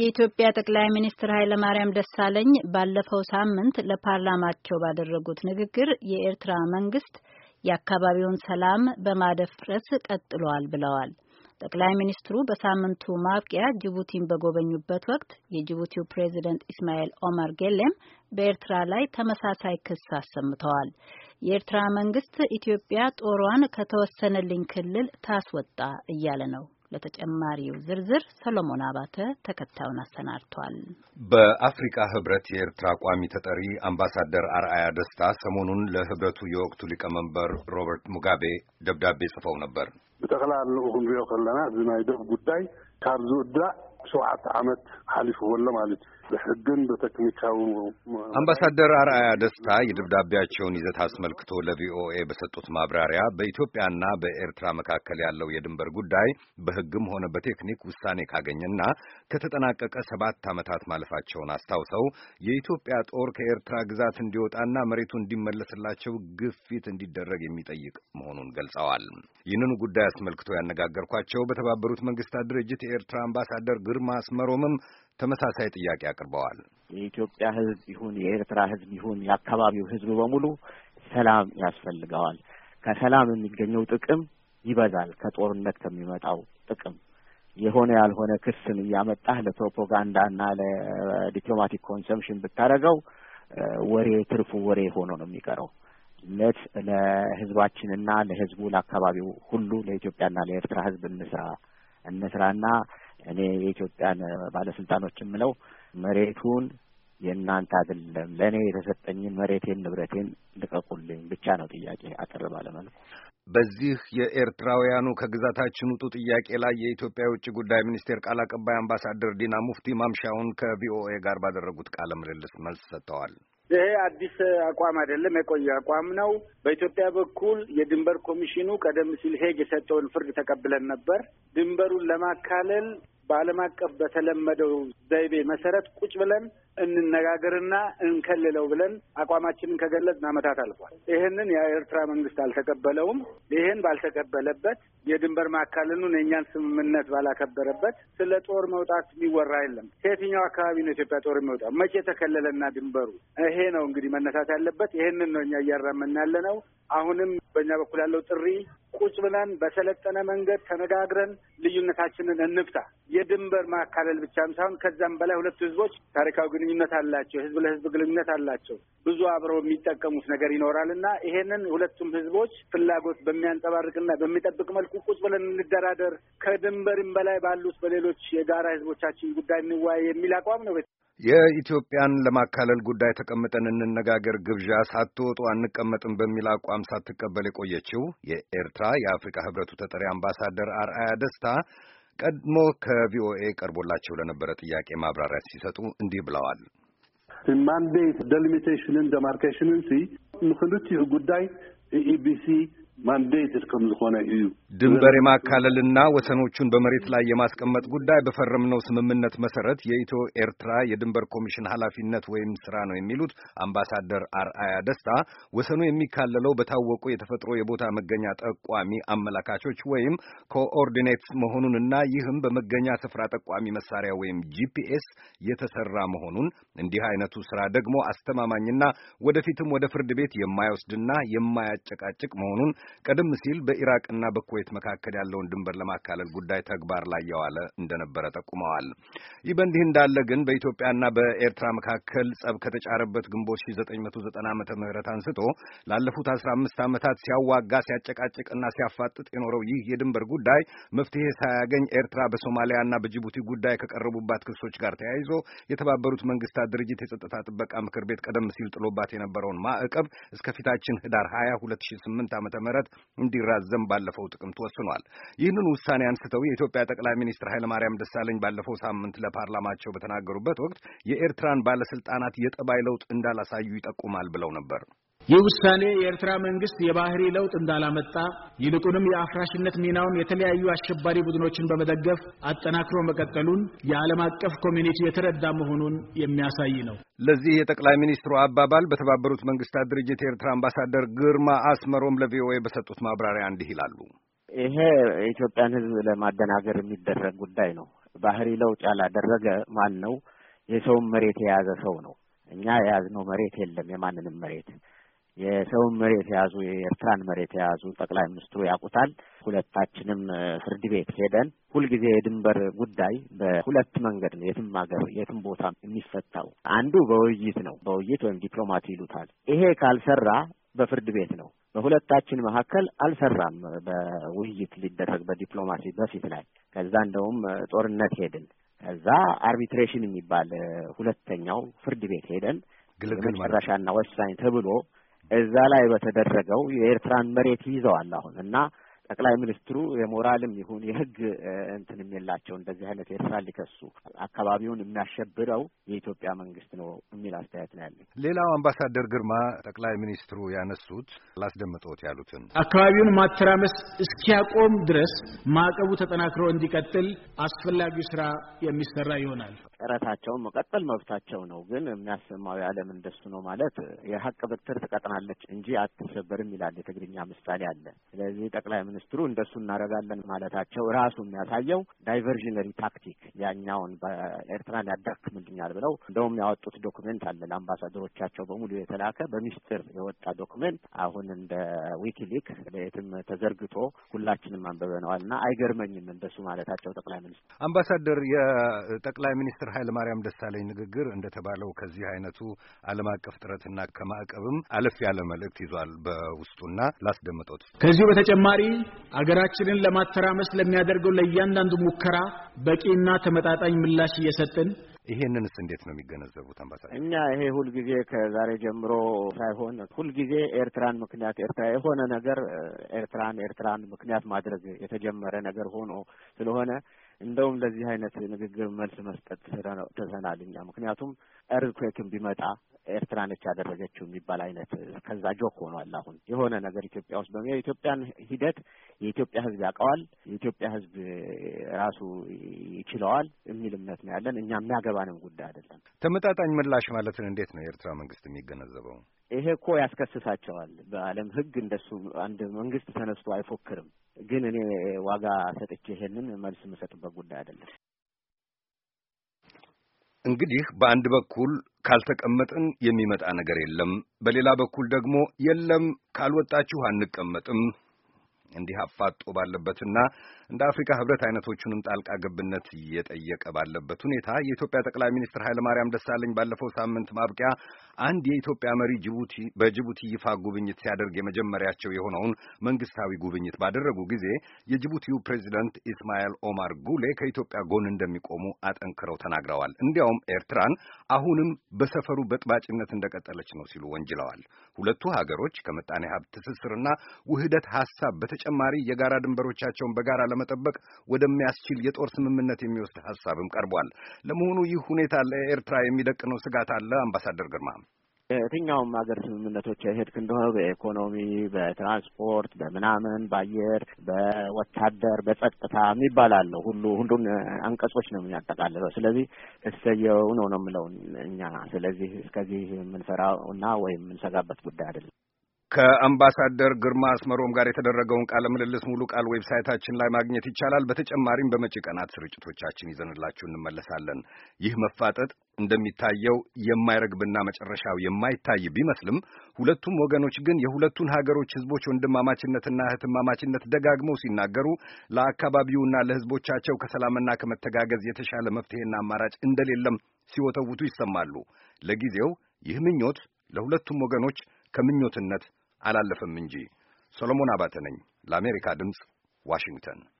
የኢትዮጵያ ጠቅላይ ሚኒስትር ኃይለማርያም ደሳለኝ ባለፈው ሳምንት ለፓርላማቸው ባደረጉት ንግግር የኤርትራ መንግስት የአካባቢውን ሰላም በማደፍረስ ቀጥሏል ብለዋል። ጠቅላይ ሚኒስትሩ በሳምንቱ ማብቂያ ጅቡቲን በጎበኙበት ወቅት የጅቡቲው ፕሬዚደንት ኢስማኤል ኦማር ጌሌም በኤርትራ ላይ ተመሳሳይ ክስ አሰምተዋል። የኤርትራ መንግስት ኢትዮጵያ ጦሯን ከተወሰነልኝ ክልል ታስወጣ እያለ ነው። ለተጨማሪው ዝርዝር ሰሎሞን አባተ ተከታዩን አሰናድቷል። በአፍሪካ ህብረት የኤርትራ ቋሚ ተጠሪ አምባሳደር አርአያ ደስታ ሰሞኑን ለህብረቱ የወቅቱ ሊቀመንበር ሮበርት ሙጋቤ ደብዳቤ ጽፈው ነበር። ብጠቅላላ ክንሪኦ ከለና እዚ ናይ ደብ ጉዳይ ካብ ዝውዳእ ሸውዓተ ዓመት ሓሊፍዎ ኣሎ ማለት እዩ ብሕግን ብቴክኒካዊ አምባሳደር አርአያ ደስታ የደብዳቤያቸውን ይዘት አስመልክቶ ለቪኦኤ በሰጡት ማብራሪያ በኢትዮጵያና በኤርትራ መካከል ያለው የድንበር ጉዳይ በሕግም ሆነ በቴክኒክ ውሳኔ ካገኘና ከተጠናቀቀ ሰባት ዓመታት ማለፋቸውን አስታውሰው የኢትዮጵያ ጦር ከኤርትራ ግዛት እንዲወጣና መሬቱ እንዲመለስላቸው ግፊት እንዲደረግ የሚጠይቅ መሆኑን ገልጸዋል። ይህንኑ ጉዳይ አስመልክቶ ያነጋገርኳቸው በተባበሩት መንግስታት ድርጅት የኤርትራ አምባሳደር ግርማ አስመሮምም ተመሳሳይ ጥያቄ አቅርበዋል። የኢትዮጵያ ሕዝብ ይሁን የኤርትራ ሕዝብ ይሁን የአካባቢው ሕዝብ በሙሉ ሰላም ያስፈልገዋል። ከሰላም የሚገኘው ጥቅም ይበዛል ከጦርነት ከሚመጣው ጥቅም። የሆነ ያልሆነ ክስን እያመጣህ ለፕሮፓጋንዳ ለዲፕሎማቲክ ኮንሰምሽን ብታደርገው ወሬ ትርፉ ወሬ ሆኖ ነው የሚቀረው። ለት ለህዝባችንና ለህዝቡ ለአካባቢው ሁሉ ለኢትዮጵያና ለኤርትራ ህዝብ እንስራ እንስራና እኔ የኢትዮጵያን ባለስልጣኖች የምለው መሬቱን የእናንተ አይደለም፣ ለእኔ የተሰጠኝን መሬቴን ንብረቴን ልቀቁልኝ ብቻ ነው ጥያቄ አጠር ባለመልኩ። በዚህ የኤርትራውያኑ ከግዛታችን ውጡ ጥያቄ ላይ የኢትዮጵያ የውጭ ጉዳይ ሚኒስቴር ቃል አቀባይ አምባሳደር ዲና ሙፍቲ ማምሻውን ከቪኦኤ ጋር ባደረጉት ቃለ ምልልስ መልስ ሰጥተዋል። ይሄ አዲስ አቋም አይደለም፣ የቆየ አቋም ነው። በኢትዮጵያ በኩል የድንበር ኮሚሽኑ ቀደም ሲል ሄግ የሰጠውን ፍርድ ተቀብለን ነበር። ድንበሩን ለማካለል በዓለም አቀፍ በተለመደው ዘይቤ መሰረት ቁጭ ብለን እንነጋገርና እንከልለው ብለን አቋማችንን ከገለጽን ዓመታት አልፏል። ይህንን የኤርትራ መንግስት አልተቀበለውም። ይህን ባልተቀበለበት የድንበር ማካለሉን የእኛን ስምምነት ባላከበረበት ስለ ጦር መውጣት የሚወራ የለም። ከየትኛው አካባቢ ነው ኢትዮጵያ ጦር የሚወጣው? መቼ የተከለለና ድንበሩ? ይሄ ነው እንግዲህ መነሳት ያለበት። ይህንን ነው እኛ እያራመን ያለ ነው። አሁንም በእኛ በኩል ያለው ጥሪ ቁጭ ብለን በሰለጠነ መንገድ ተነጋግረን ልዩነታችንን እንፍታ። የድንበር ማካለል ብቻም ሳይሆን ከዛም በላይ ሁለቱ ህዝቦች ታሪካዊ ግንኙነት አላቸው። ህዝብ ለህዝብ ግንኙነት አላቸው። ብዙ አብረው የሚጠቀሙት ነገር ይኖራል እና ይሄንን ሁለቱም ህዝቦች ፍላጎት በሚያንጸባርቅና በሚጠብቅ መልኩ ቁጭ ብለን እንደራደር፣ ከድንበርም በላይ ባሉት በሌሎች የጋራ ህዝቦቻችን ጉዳይ እንወያይ የሚል አቋም ነው። የኢትዮጵያን ለማካለል ጉዳይ ተቀምጠን እንነጋገር ግብዣ ሳትወጡ አንቀመጥም በሚል አቋም ሳትቀበል የቆየችው የኤርትራ የአፍሪካ ህብረቱ ተጠሪ አምባሳደር አርአያ ደስታ ቀድሞ ከቪኦኤ ቀርቦላቸው ለነበረ ጥያቄ ማብራሪያ ሲሰጡ እንዲህ ብለዋል። ማንዴት ደሊሚቴሽንን ደማርኬሽንን ንክልቲኡ ጉዳይ ኢኢቢሲ ማንዴትድ ከም ዝኾነ እዩ ድንበር የማካለልና ወሰኖቹን በመሬት ላይ የማስቀመጥ ጉዳይ በፈረምነው ስምምነት መሰረት የኢትዮ ኤርትራ የድንበር ኮሚሽን ኃላፊነት ወይም ስራ ነው የሚሉት አምባሳደር አርአያ ደስታ ወሰኑ የሚካለለው በታወቁ የተፈጥሮ የቦታ መገኛ ጠቋሚ አመላካቾች ወይም ኮኦርዲኔትስ መሆኑንና ይህም በመገኛ ስፍራ ጠቋሚ መሳሪያ ወይም ጂፒኤስ የተሰራ መሆኑን እንዲህ አይነቱ ስራ ደግሞ አስተማማኝና ወደፊትም ወደ ፍርድ ቤት የማይወስድና የማያጨቃጭቅ መሆኑን ቀደም ሲል በኢራቅና በኩዌት መካከል ያለውን ድንበር ለማካለል ጉዳይ ተግባር ላይ የዋለ እንደነበረ ጠቁመዋል። ይህ በእንዲህ እንዳለ ግን በኢትዮጵያና በኤርትራ መካከል ጸብ ከተጫረበት ግንቦት 1990 ዓመተ ምህረት አንስቶ ላለፉት 15 ዓመታት ሲያዋጋ ሲያጨቃጭቅና ሲያፋጥጥ የኖረው ይህ የድንበር ጉዳይ መፍትሄ ሳያገኝ ኤርትራ በሶማሊያና በጅቡቲ ጉዳይ ከቀረቡባት ክሶች ጋር ተያይዞ የተባበሩት መንግስታት ድርጅት የጸጥታ ጥበቃ ምክር ቤት ቀደም ሲል ጥሎባት የነበረውን ማዕቀብ እስከፊታችን ህዳር 20 2008 ዓ.ም መሰረት እንዲራዘም ባለፈው ጥቅምት ወስኗል። ይህንን ውሳኔ አንስተው የኢትዮጵያ ጠቅላይ ሚኒስትር ኃይለማርያም ደሳለኝ ባለፈው ሳምንት ለፓርላማቸው በተናገሩበት ወቅት የኤርትራን ባለስልጣናት የጠባይ ለውጥ እንዳላሳዩ ይጠቁማል ብለው ነበር። ይህ ውሳኔ የኤርትራ መንግስት የባህሪ ለውጥ እንዳላመጣ ይልቁንም የአፍራሽነት ሚናውን የተለያዩ አሸባሪ ቡድኖችን በመደገፍ አጠናክሮ መቀጠሉን የዓለም አቀፍ ኮሚኒቲ የተረዳ መሆኑን የሚያሳይ ነው። ለዚህ የጠቅላይ ሚኒስትሩ አባባል በተባበሩት መንግስታት ድርጅት የኤርትራ አምባሳደር ግርማ አስመሮም ለቪኦኤ በሰጡት ማብራሪያ እንዲህ ይላሉ። ይሄ የኢትዮጵያን ሕዝብ ለማደናገር የሚደረግ ጉዳይ ነው። ባህሪ ለውጥ ያላደረገ ማን ነው? የሰውን መሬት የያዘ ሰው ነው። እኛ የያዝነው መሬት የለም፣ የማንንም መሬት የሰውን መሬት የያዙ የኤርትራን መሬት የያዙ ጠቅላይ ሚኒስትሩ ያውቁታል። ሁለታችንም ፍርድ ቤት ሄደን ሁልጊዜ የድንበር ጉዳይ በሁለት መንገድ ነው የትም ሀገር የትም ቦታ የሚፈታው። አንዱ በውይይት ነው፣ በውይይት ወይም ዲፕሎማት ይሉታል። ይሄ ካልሰራ በፍርድ ቤት ነው። በሁለታችን መካከል አልሰራም። በውይይት ሊደረግ በዲፕሎማሲ በፊት ላይ ከዛ እንደውም ጦርነት ሄድን። ከዛ አርቢትሬሽን የሚባል ሁለተኛው ፍርድ ቤት ሄደን የመጨረሻና ወሳኝ ተብሎ እዛ ላይ በተደረገው የኤርትራን መሬት ይዘዋል አሁን እና ጠቅላይ ሚኒስትሩ የሞራልም ይሁን የህግ እንትንም የላቸው እንደዚህ አይነት ኤርትራ ሊከሱ አካባቢውን የሚያሸብረው የኢትዮጵያ መንግስት ነው የሚል አስተያየት ነው ያለኝ። ሌላው አምባሳደር ግርማ ጠቅላይ ሚኒስትሩ ያነሱት ላስደምጦት ያሉትን አካባቢውን ማተራመስ እስኪያቆም ድረስ ማዕቀቡ ተጠናክሮ እንዲቀጥል አስፈላጊው ስራ የሚሰራ ይሆናል። ጥረታቸውን መቀጠል መብታቸው ነው። ግን የሚያሰማው የዓለም እንደሱ ነው ማለት የሀቅ ብትር ትቀጥናለች እንጂ አትሰበርም ይላል የትግርኛ ምሳሌ አለ። ስለዚህ ጠቅላይ ሚኒስትሩ እንደሱ እናደርጋለን ማለታቸው ራሱ የሚያሳየው ዳይቨርዥነሪ ታክቲክ ያኛውን በኤርትራን ያዳክምልኛል ብለው እንደውም ያወጡት ዶኩሜንት አለ ለአምባሳደሮቻቸው በሙሉ የተላከ በሚስጥር የወጣ ዶኩሜንት አሁን እንደ ዊኪሊክ ለየትም ተዘርግቶ ሁላችንም አንብበነዋል እና አይገርመኝም እንደሱ ማለታቸው ጠቅላይ ሚኒስትር አምባሳደር የጠቅላይ ሚኒስትር ኃይለ ማርያም ደሳለኝ ንግግር እንደተባለው ከዚህ አይነቱ አለም አቀፍ ጥረትና ከማዕቀብም አለፍ ያለ መልእክት ይዟል በውስጡና ላስደምጦት ከዚሁ በተጨማሪ አገራችንን ለማተራመስ ለሚያደርገው ለእያንዳንዱ ሙከራ በቂና ተመጣጣኝ ምላሽ እየሰጥን ይሄንንስ እንዴት ነው የሚገነዘቡት አምባሳደር? እኛ ይሄ ሁልጊዜ ከዛሬ ጀምሮ ሳይሆን ሁልጊዜ ኤርትራን ምክንያት ኤርትራ የሆነ ነገር ኤርትራን ኤርትራን ምክንያት ማድረግ የተጀመረ ነገር ሆኖ ስለሆነ እንደውም ለዚህ አይነት ንግግር መልስ መስጠት ተሰናል እኛ ምክንያቱም እርኩክም ቢመጣ ኤርትራ ነች ያደረገችው የሚባል አይነት ከዛ ጆክ ሆኗል። አሁን የሆነ ነገር ኢትዮጵያ ውስጥ በሚ የኢትዮጵያን ሂደት የኢትዮጵያ ሕዝብ ያውቀዋል፣ የኢትዮጵያ ሕዝብ ራሱ ይችለዋል የሚል እምነት ነው ያለን። እኛ የሚያገባንም ጉዳይ አይደለም። ተመጣጣኝ ምላሽ ማለትን እንዴት ነው የኤርትራ መንግስት የሚገነዘበው? ይሄ እኮ ያስከስሳቸዋል። በዓለም ሕግ እንደሱ አንድ መንግስት ተነስቶ አይፎክርም። ግን እኔ ዋጋ ሰጥቼ ይሄንን መልስ የምሰጥበት ጉዳይ አይደለም። እንግዲህ በአንድ በኩል ካልተቀመጥን የሚመጣ ነገር የለም። በሌላ በኩል ደግሞ የለም ካልወጣችሁ አንቀመጥም እንዲህ አፋጦ ባለበትና እንደ አፍሪካ ህብረት አይነቶቹንም ጣልቃ ገብነት እየጠየቀ ባለበት ሁኔታ የኢትዮጵያ ጠቅላይ ሚኒስትር ኃይለማርያም ደሳለኝ ባለፈው ሳምንት ማብቂያ አንድ የኢትዮጵያ መሪ ጅቡቲ በጅቡቲ ይፋ ጉብኝት ሲያደርግ የመጀመሪያቸው የሆነውን መንግስታዊ ጉብኝት ባደረጉ ጊዜ የጅቡቲው ፕሬዚደንት ኢስማኤል ኦማር ጉሌ ከኢትዮጵያ ጎን እንደሚቆሙ አጠንክረው ተናግረዋል። እንዲያውም ኤርትራን አሁንም በሰፈሩ በጥባጭነት እንደቀጠለች ነው ሲሉ ወንጅለዋል። ሁለቱ ሀገሮች ከምጣኔ ሀብት ትስስርና ውህደት ሀሳብ በተጨማሪ የጋራ ድንበሮቻቸውን በጋራ ለመጠበቅ ወደሚያስችል የጦር ስምምነት የሚወስድ ሀሳብም ቀርቧል። ለመሆኑ ይህ ሁኔታ ለኤርትራ የሚደቅነው ስጋት አለ? አምባሳደር ግርማ የትኛውም ሀገር ስምምነቶች የሄድክ እንደሆነ በኢኮኖሚ፣ በትራንስፖርት፣ በምናምን፣ በአየር፣ በወታደር፣ በጸጥታ የሚባል ሁሉ ሁሉን አንቀጾች ነው የሚያጠቃልለው። ስለዚህ እሰየው ነው ነው የምለው እኛ። ስለዚህ እስከዚህ የምንፈራው እና ወይም የምንሰጋበት ጉዳይ አይደለም። ከአምባሳደር ግርማ አስመሮም ጋር የተደረገውን ቃለ ምልልስ ሙሉ ቃል ዌብሳይታችን ላይ ማግኘት ይቻላል። በተጨማሪም በመጪ ቀናት ስርጭቶቻችን ይዘንላችሁ እንመለሳለን። ይህ መፋጠጥ እንደሚታየው የማይረግብና መጨረሻው የማይታይ ቢመስልም ሁለቱም ወገኖች ግን የሁለቱን ሀገሮች ሕዝቦች ወንድማማችነትና እህትማማችነት ደጋግመው ሲናገሩ ለአካባቢውና ለሕዝቦቻቸው ከሰላምና ከመተጋገዝ የተሻለ መፍትሄና አማራጭ እንደሌለም ሲወተውቱ ይሰማሉ። ለጊዜው ይህ ምኞት ለሁለቱም ወገኖች ከምኞትነት አላለፈም እንጂ። ሰሎሞን አባተ ነኝ ለአሜሪካ ድምፅ ዋሽንግተን